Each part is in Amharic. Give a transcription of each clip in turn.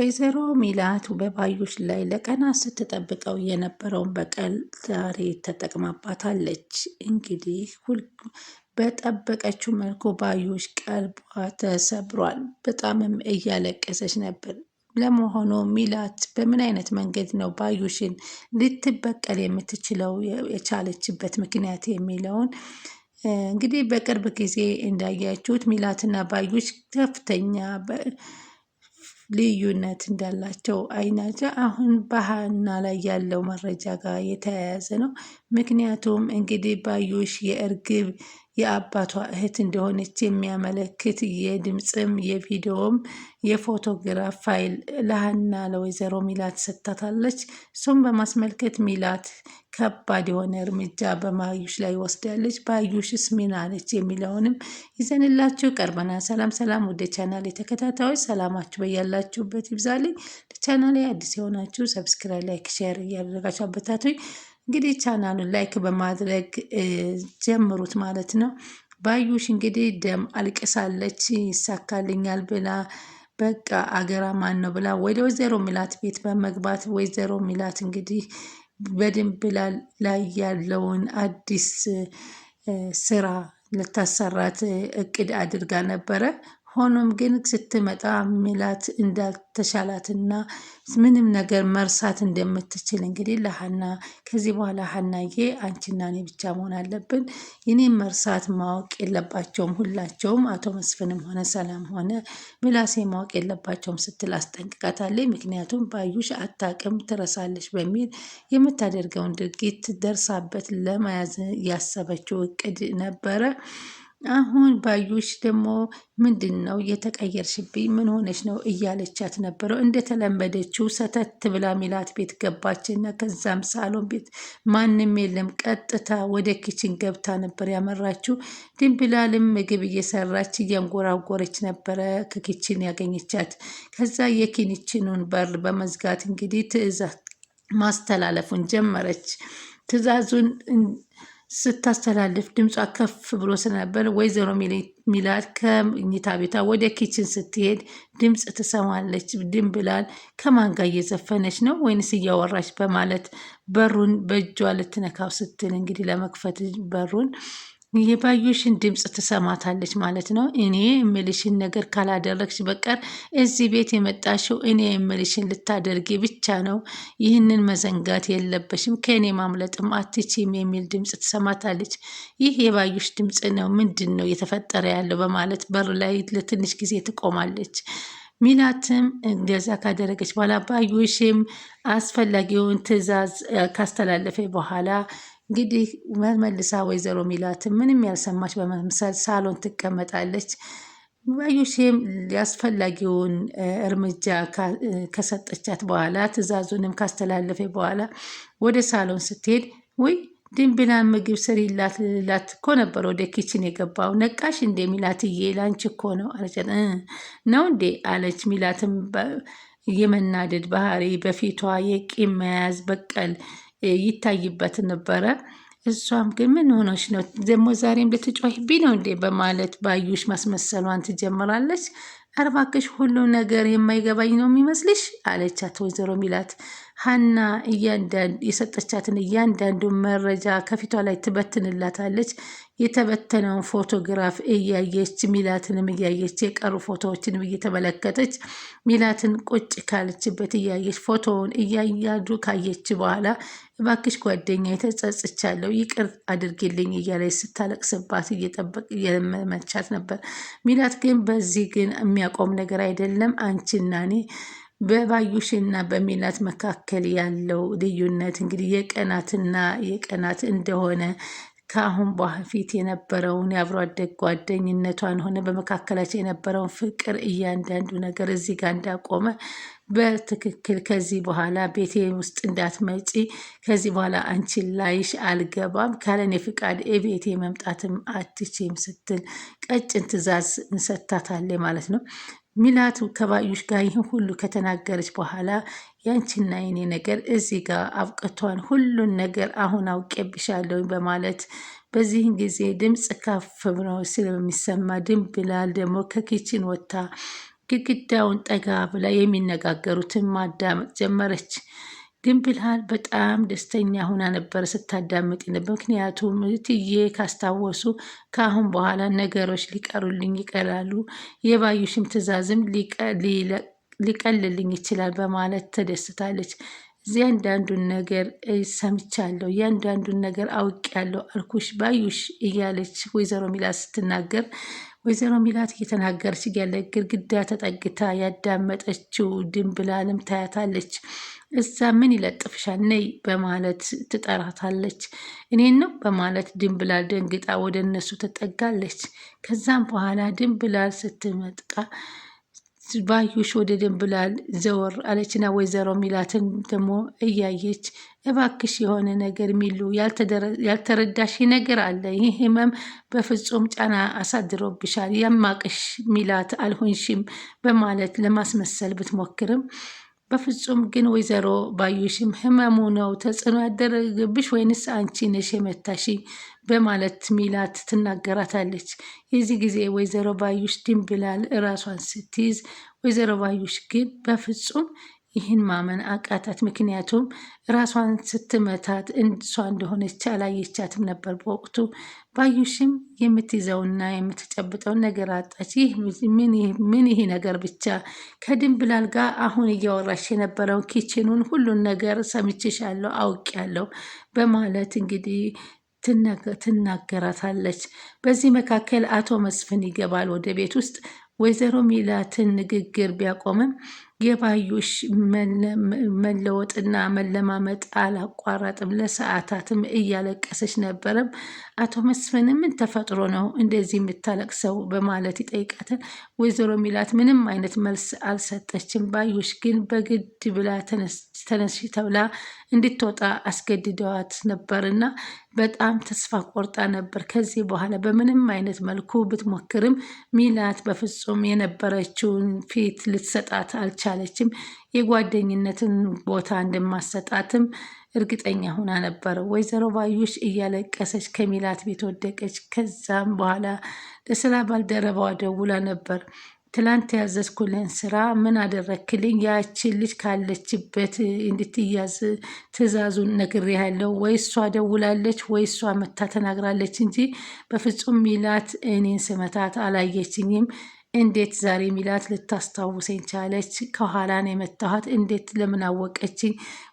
ወይዘሮ ሚላት በባዩሽ ላይ ለቀናት ስትጠብቀው የነበረውን በቀል ዛሬ ተጠቅማባታለች። እንግዲህ በጠበቀችው መልኩ ባዩሽ ቀልቧ ተሰብሯል። በጣምም እያለቀሰች ነበር። ለመሆኑ ሚላት በምን አይነት መንገድ ነው ባዩሽን ልትበቀል የምትችለው የቻለችበት ምክንያት የሚለውን እንግዲህ በቅርብ ጊዜ እንዳያችሁት ሚላትና ባዩሽ ከፍተኛ ልዩነት እንዳላቸው አይናቸው አሁን በሀና ላይ ያለው መረጃ ጋር የተያያዘ ነው። ምክንያቱም እንግዲህ ባዩሽ የእርግብ የአባቷ እህት እንደሆነች የሚያመለክት የድምፅም የቪዲዮም የፎቶግራፍ ፋይል ለሀና ለወይዘሮ ሚላት ሰጥታታለች። እሱም በማስመልከት ሚላት ከባድ የሆነ እርምጃ በማዩሽ ላይ ወስዳለች። ባዩሽስ ምን አለች የሚለውንም ይዘንላችሁ ቀርበናል። ሰላም ሰላም፣ ወደ ቻናል የተከታታዮች ሰላማችሁ በያላችሁበት ይብዛልኝ። ቻናል አዲስ የሆናችሁ ሰብስክራይብ፣ ላይክ፣ ሼር እያደረጋችሁ አበታቶች እንግዲህ ቻናሉን ላይክ በማድረግ ጀምሩት ማለት ነው። ባዩሽ እንግዲህ ደም አልቅሳለች። ይሳካልኛል ብላ በቃ አገራ ማን ነው ብላ ወደ ወይዘሮ ሚላት ቤት በመግባት ወይዘሮ ሚላት እንግዲህ በደንብ ላይ ያለውን አዲስ ስራ ልታሰራት እቅድ አድርጋ ነበረ ሆኖም ግን ስትመጣ ሚላት እንዳልተሻላትና ምንም ነገር መርሳት እንደምትችል እንግዲህ ለሀና ከዚህ በኋላ ሀናዬ አንቺና እኔ ብቻ መሆን አለብን። የኔም መርሳት ማወቅ የለባቸውም ሁላቸውም፣ አቶ መስፍንም ሆነ ሰላም ሆነ ሚላሴ ማወቅ የለባቸውም ስትል አስጠንቅቃታለች። ምክንያቱም ባዩሽ አታቅም ትረሳለች በሚል የምታደርገውን ድርጊት ደርሳበት ለመያዝ ያሰበችው እቅድ ነበረ። አሁን ባዩሽ ደግሞ ምንድን ነው የተቀየርሽብኝ? ምን ሆነች ነው እያለቻት ነበረው። እንደተለመደችው ሰተት ብላ ሚላት ቤት ገባችና ከዛም ሳሎን ቤት ማንም የለም፣ ቀጥታ ወደ ኪችን ገብታ ነበር ያመራችው። ድንብላልም ምግብ እየሰራች እያንጎራጎረች ነበረ ከኪችን ያገኘቻት። ከዛ የኪችኑን በር በመዝጋት እንግዲህ ትዕዛዝ ማስተላለፉን ጀመረች። ትዕዛዙን ስታስተላልፍ ድምጿ ከፍ ብሎ ስለነበር ወይዘሮ ሚላድ ከመኝታ ቤቷ ወደ ኪችን ስትሄድ ድምፅ ትሰማለች። ድም ከማን ጋር እየዘፈነች ነው ወይንስ እያወራች በማለት በሩን በእጇ ልትነካው ስትል እንግዲህ ለመክፈት በሩን የባዩሽን ድምፅ ትሰማታለች ማለት ነው። እኔ የምልሽን ነገር ካላደረግሽ በቀር እዚህ ቤት የመጣሽው እኔ የምልሽን ልታደርጊ ብቻ ነው። ይህንን መዘንጋት የለበሽም፣ ከእኔ ማምለጥም አትችም የሚል ድምፅ ትሰማታለች። ይህ የባዩሽ ድምፅ ነው። ምንድን ነው የተፈጠረ ያለው በማለት በር ላይ ለትንሽ ጊዜ ትቆማለች። ሚላትም እንደዛ ካደረገች በኋላ ባዩሽም አስፈላጊውን ትዕዛዝ ካስተላለፈ በኋላ እንግዲህ መመልሳ ወይዘሮ ሚላትም ምንም ያልሰማች በመምሰል ሳሎን ትቀመጣለች። ባዩሽም ያስፈላጊውን እርምጃ ከሰጠቻት በኋላ ትዕዛዙንም ካስተላለፈ በኋላ ወደ ሳሎን ስትሄድ ወይ ድንብላን ምግብ ስሪላት ልላት እኮ ነበር ወደ ኪችን የገባው። ነቃሽ እንዴ ሚላትዬ? ላንቺ እኮ ነው አለቻት። ነው እንዴ አለች። ሚላትም የመናደድ ባህሪ በፊቷ የቂም መያዝ በቀል ይታይበት ነበረ። እሷም ግን ምን ሆኖች ነው ደግሞ ዛሬም ልትጮህብኝ ነው እንዴ በማለት ባዩሽ ማስመሰሏን ትጀምራለች። አርባክሽ ሁሉ ነገር የማይገባኝ ነው የሚመስልሽ አለቻት ወይዘሮ ሚላት። ሀና የሰጠቻትን እያንዳንዱ መረጃ ከፊቷ ላይ ትበትንላታለች። የተበተነውን ፎቶግራፍ እያየች ሚላትንም እያየች የቀሩ ፎቶዎችንም እየተመለከተች ሚላትን ቁጭ ካለችበት እያየች ፎቶውን እያያዱ ካየች በኋላ እባክሽ ጓደኛ የተጸጽቻለሁ ይቅር አድርጌልኝ እያለች ስታለቅስባት እየጠበቅ እየለመመቻት ነበር። ሚላት ግን በዚህ ግን የሚያቆም ነገር አይደለም አንቺና እኔ በባዩሽና በሚላት መካከል ያለው ልዩነት እንግዲህ የቀናትና የቀናት እንደሆነ ከአሁን በፊት የነበረውን የአብሮ አደግ ጓደኝነቷን ሆነ በመካከላቸው የነበረውን ፍቅር እያንዳንዱ ነገር እዚህ ጋር እንዳቆመ በትክክል ከዚህ በኋላ ቤቴ ውስጥ እንዳትመጪ፣ ከዚህ በኋላ አንቺ ላይሽ አልገባም፣ ካለኔ ፍቃድ ቤቴ መምጣትም አትችም ስትል ቀጭን ትዕዛዝ እንሰታታለ ማለት ነው። ሚላቱ ከባዩሽ ጋር ይህን ሁሉ ከተናገረች በኋላ ያንቺና የኔ ነገር እዚህ ጋር አብቅቷን ሁሉን ነገር አሁን አውቄብሻለሁ በማለት በዚህን ጊዜ ድምፅ ከፍ ብሎ ስለሚሰማ ብላል ደግሞ ከኪችን ወጥታ ግድግዳውን ጠጋ ብላ የሚነጋገሩትን ማዳመጥ ጀመረች። ግን ብልሃል በጣም ደስተኛ ሆና ነበር ስታዳምጥ ነበር። ምክንያቱም ትዬ ካስታወሱ ከአሁን በኋላ ነገሮች ሊቀሩልኝ ይቀላሉ፣ የባዩሽም ትዕዛዝም ሊቀልልኝ ይችላል በማለት ተደስታለች። እያንዳንዱን ነገር ሰምቻለሁ፣ እያንዳንዱን ነገር አውቄያለሁ አልኩሽ ባዩሽ እያለች ወይዘሮ ሚላት ስትናገር ወይዘሮ ሚላት እየተናገረች እያለ ግድግዳ ተጠግታ ያዳመጠችው ድንብላልም ታያታለች። እዛ ምን ይለጥፍሻል ነይ በማለት ትጠራታለች። እኔን ነው በማለት ድንብላል ደንግጣ ወደ እነሱ ትጠጋለች። ከዛም በኋላ ድንብላል ስትመጥቃ ባዩሽ ወደ ድንብላል ዘወር አለችና ወይዘሮ ሚላትን ደግሞ እያየች እባክሽ የሆነ ነገር ሚሉ ያልተረዳሽ ነገር አለ። ይህ ህመም በፍጹም ጫና አሳድሮብሻል። የማቅሽ ሚላት አልሆንሽም በማለት ለማስመሰል ብትሞክርም በፍጹም ግን ወይዘሮ ባዩሽም ህመሙ ነው ተጽዕኖ ያደረገብሽ ወይንስ አንቺ ነሽ የመታሽ በማለት ሚላት ትናገራታለች። የዚህ ጊዜ ወይዘሮ ባዩሽ ድንብላል እራሷን ስትይዝ፣ ወይዘሮ ባዩሽ ግን በፍጹም ይህን ማመን አቃታት። ምክንያቱም ራሷን ስትመታት እሷ እንደሆነች አላየቻትም ነበር በወቅቱ። ባዩሽም የምትይዘውና የምትጨብጠውን ነገር አጣች። ይህ ምን ይሄ ነገር ብቻ ከድንብላል ጋር አሁን እያወራሽ የነበረውን ኪችኑን ሁሉን ነገር ሰምቼሻለሁ፣ አውቄያለሁ በማለት እንግዲህ ትናገራታለች። በዚህ መካከል አቶ መስፍን ይገባል ወደ ቤት ውስጥ። ወይዘሮ ሚላትን ንግግር ቢያቆምም የባዮሽ መለወጥና መለማመጥ አላቋረጥም። ለሰዓታትም እያለቀሰች ነበረም። አቶ መስፍን ምን ተፈጥሮ ነው እንደዚህ የምታለቅሰው በማለት ይጠይቃታል። ወይዘሮ ሚላት ምንም አይነት መልስ አልሰጠችም። ባዮሽ ግን በግድ ብላ ተነስ ተነሺ ተብላ እንድትወጣ አስገድደዋት ነበር እና በጣም ተስፋ ቆርጣ ነበር። ከዚህ በኋላ በምንም አይነት መልኩ ብትሞክርም ሚላት በፍጹም የነበረችውን ፊት ልትሰጣት አልቻለችም። የጓደኝነትን ቦታ እንደማሰጣትም እርግጠኛ ሆና ነበር። ወይዘሮ ባዩሽ እያለቀሰች ከሚላት ቤት ወደቀች። ከዛም በኋላ ለስራ ባልደረባዋ ደውላ ነበር። ትላንት ያዘዝኩልን ስራ ምን አደረክልኝ? ያችን ልጅ ካለችበት እንድትያዝ ትዕዛዙን ያለው ወይ እሷ ደውላለች ወይ እሷ መታ ተናግራለች እንጂ በፍጹም ሚላት እኔን ስመታት አላየችኝም። እንዴት ዛሬ ሚላት ልታስታውሰኝ ቻለች? ከኋላን የመታኋት እንዴት ለምን አወቀችኝ?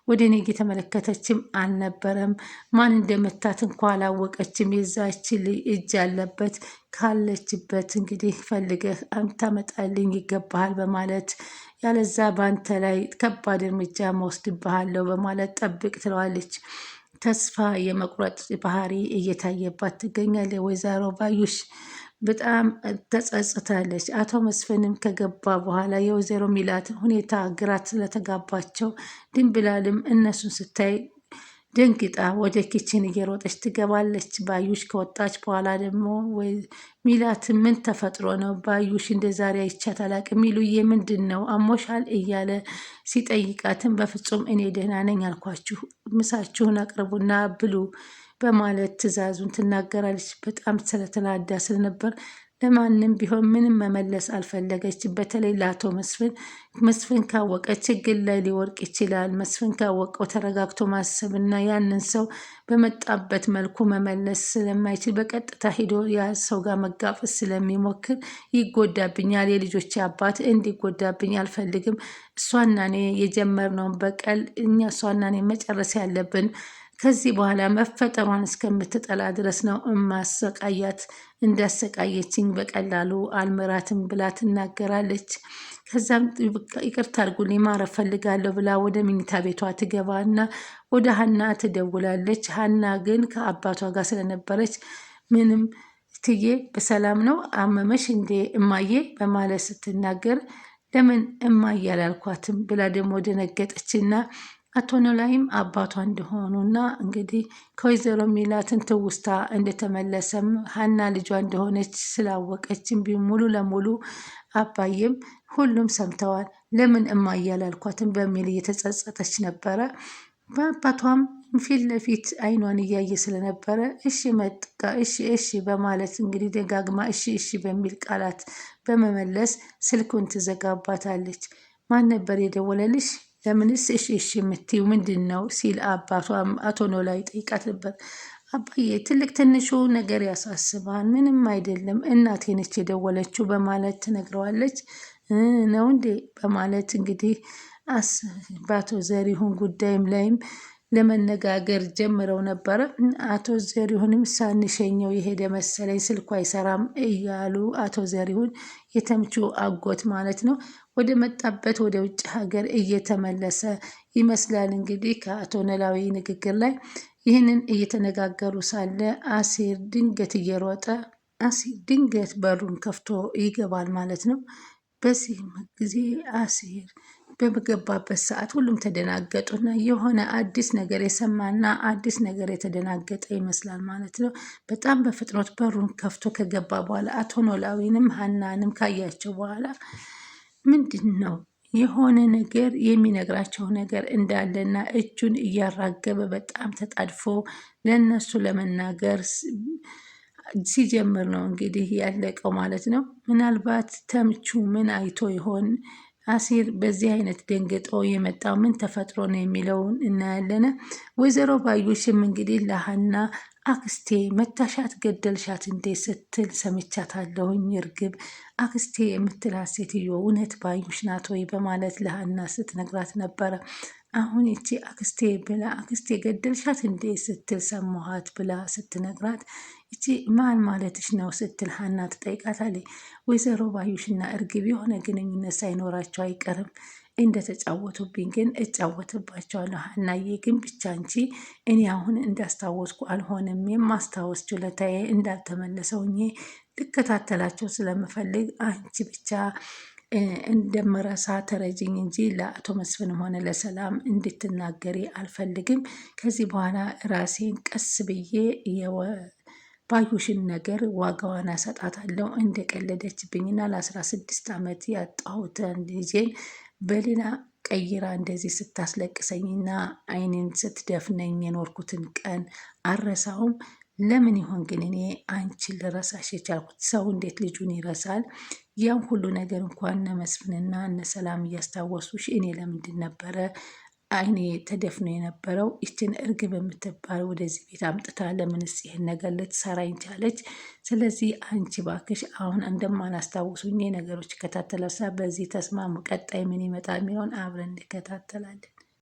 ወደ እኔ እየተመለከተችም አልነበረም። ማን እንደመታት እንኳ አላወቀችም። የዛች እጅ ያለበት ካለችበት እንግዲህ ፈልገህ ታመጣልኝ ይገባሃል በማለት ያለዛ በአንተ ላይ ከባድ እርምጃ መወስድብሃለሁ በማለት ጠብቅ ትለዋለች። ተስፋ የመቁረጥ ባህሪ እየታየባት ትገኛለች ወይዘሮ ባዩሽ በጣም ተጸጽታለች። አቶ መስፍንም ከገባ በኋላ የወይዘሮ ሚላት ሁኔታ ግራት ስለተጋባቸው ድንብላልም እነሱን ስታይ ደንግጣ ወደ ኪችን እየሮጠች ትገባለች። ባዩሽ ከወጣች በኋላ ደግሞ ሚላት ምን ተፈጥሮ ነው ባዩሽ እንደ ዛሬ አይቻት አላቅም፣ ሚሉዬ ምንድን ነው አሞሻል እያለ ሲጠይቃትን በፍጹም እኔ ደህና ነኝ አልኳችሁ፣ ምሳችሁን አቅርቡና ብሉ በማለት ትዕዛዙን ትናገራለች። በጣም ስለተናዳ ስለነበር ለማንም ቢሆን ምንም መመለስ አልፈለገች። በተለይ ለአቶ መስፍን መስፍን ካወቀ ችግር ላይ ሊወርቅ ይችላል። መስፍን ካወቀው ተረጋግቶ ማሰብና ያንን ሰው በመጣበት መልኩ መመለስ ስለማይችል በቀጥታ ሂዶ ያ ሰው ጋር መጋፈጥ ስለሚሞክር ይጎዳብኛል፣ የልጆች አባት እንዲጎዳብኝ አልፈልግም። እሷና እኔ የጀመርነውን በቀል እኛ እሷና እኔ መጨረስ ያለብን ከዚህ በኋላ መፈጠሯን እስከምትጠላ ድረስ ነው እማሰቃያት። እንዳሰቃየችኝ በቀላሉ አልምራትም ብላ ትናገራለች። ከዛም ይቅርታ አድርጉልኝ ማረፍ ፈልጋለሁ ብላ ወደ መኝታ ቤቷ ትገባና ወደ ሀና ትደውላለች። ሀና ግን ከአባቷ ጋር ስለነበረች ምንም ትዬ በሰላም ነው አመመሽ እንዴ እማዬ በማለት ስትናገር ለምን እማዬ አላልኳትም ብላ ደግሞ ደነገጠችና አቶ ላይም አባቷ እና እንግዲህ ከወይዘሮ ሚላትን ትውስታ እንደተመለሰም ሀና ልጇ እንደሆነች ስላወቀች ቢ ሙሉ ለሙሉ አባዬም ሁሉም ሰምተዋል፣ ለምን እማያላልኳትን በሚል እየተጸጸተች ነበረ። በአባቷም ፊት ለፊት አይኗን እያየ ስለነበረ እሺ መጥቃ እሺ እሺ በማለት እንግዲህ ደጋግማ እሺ እሺ በሚል ቃላት በመመለስ ስልኩን ትዘጋባታለች። ማን ነበር የደወለልሽ? ለምንስ እሺ እሺ የምትይው ምንድን ነው ሲል አባቷ አቶ ኖላዊ ጠይቃት ነበር። አባዬ ትልቅ ትንሹ ነገር ያሳስባል፣ ምንም አይደለም እናቴ ነች የደወለችው በማለት ትነግረዋለች። ነው እንዴ በማለት እንግዲህ በአቶ ዘሪሁን ጉዳይም ላይም ለመነጋገር ጀምረው ነበረ። አቶ ዘሪሁንም ሳንሸኘው የሄደ መሰለኝ ስልኩ አይሰራም እያሉ አቶ ዘሪሁን የተምቹ አጎት ማለት ነው ወደ መጣበት ወደ ውጭ ሀገር እየተመለሰ ይመስላል። እንግዲህ ከአቶ ኖላዊ ንግግር ላይ ይህንን እየተነጋገሩ ሳለ አሴር ድንገት እየሮጠ አሴር ድንገት በሩን ከፍቶ ይገባል ማለት ነው። በዚህም ጊዜ አሴር በገባበት ሰዓት ሁሉም ተደናገጡና የሆነ አዲስ ነገር የሰማና አዲስ ነገር የተደናገጠ ይመስላል ማለት ነው። በጣም በፍጥነት በሩን ከፍቶ ከገባ በኋላ አቶ ኖላዊንም ሀናንም ካያቸው በኋላ ምንድን ነው የሆነ ነገር የሚነግራቸው ነገር እንዳለና እጁን እያራገበ በጣም ተጣድፎ ለእነሱ ለመናገር ሲጀምር ነው እንግዲህ ያለቀው ማለት ነው። ምናልባት ተምቹ ምን አይቶ ይሆን አሲር በዚህ አይነት ደንግጦ የመጣው ምን ተፈጥሮ ነው የሚለውን እናያለን። ወይዘሮ ባዩሽም እንግዲህ ለሀና አክስቴ መታሻት ገደልሻት እንዴ ስትል ሰምቻታለሁኝ። እርግብ አክስቴ የምትላት ሴትዮ እውነት ባዩሽ ናት ወይ በማለት ለሀና ስትነግራት ነበረ። አሁን እቺ አክስቴ ብላ አክስቴ ገደልሻት እንዴ ስትል ሰማኋት ብላ ስትነግራት እቺ ማን ማለትሽ ነው ስትል ሀና ትጠይቃታለች። ወይዘሮ ባዩሽና እርግብ የሆነ ግንኙነት ሳይኖራቸው አይቀርም እንደተጫወቱብኝ ግን እጫወትባቸዋለሁ። ሀናዬ ግን ብቻ አንቺ እኔ አሁን እንዳስታወስኩ አልሆነም የማስታወስ ችሎታዬ እንዳልተመለሰው ልከታተላቸው ስለምፈልግ አንቺ ብቻ እንደምረሳ ተረጅኝ እንጂ ለአቶ መስፍንም ሆነ ለሰላም እንድትናገሪ አልፈልግም። ከዚህ በኋላ ራሴን ቀስ ብዬ ባዩሽን ነገር ዋጋዋን አሰጣታለሁ። እንደቀለደችብኝና ለአስራ ስድስት ዓመት ያጣሁትን ልጄን በሌላ ቀይራ እንደዚህ ስታስለቅሰኝና አይንን ስትደፍነኝ የኖርኩትን ቀን አረሳውም። ለምን ይሆን ግን እኔ አንቺን ልረሳሽ የቻልኩት? ሰው እንዴት ልጁን ይረሳል? ያም ሁሉ ነገር እንኳን እነ መስፍንና እነ ሰላም እያስታወሱ እኔ ለምንድን ነበረ አይኔ ተደፍኖ የነበረው ይችን እርግብ በምትባል ወደዚህ ቤት አምጥታ ለምንስ ይህን ነገር ልትሰራኝ ቻለች? ስለዚህ አንቺ ባክሽ አሁን እንደማናስታውሱኝ ነገሮች ይከታተላሳ። በዚህ ተስማሙ። ቀጣይ ምን ይመጣ የሚለውን አብረን እንከታተላለን።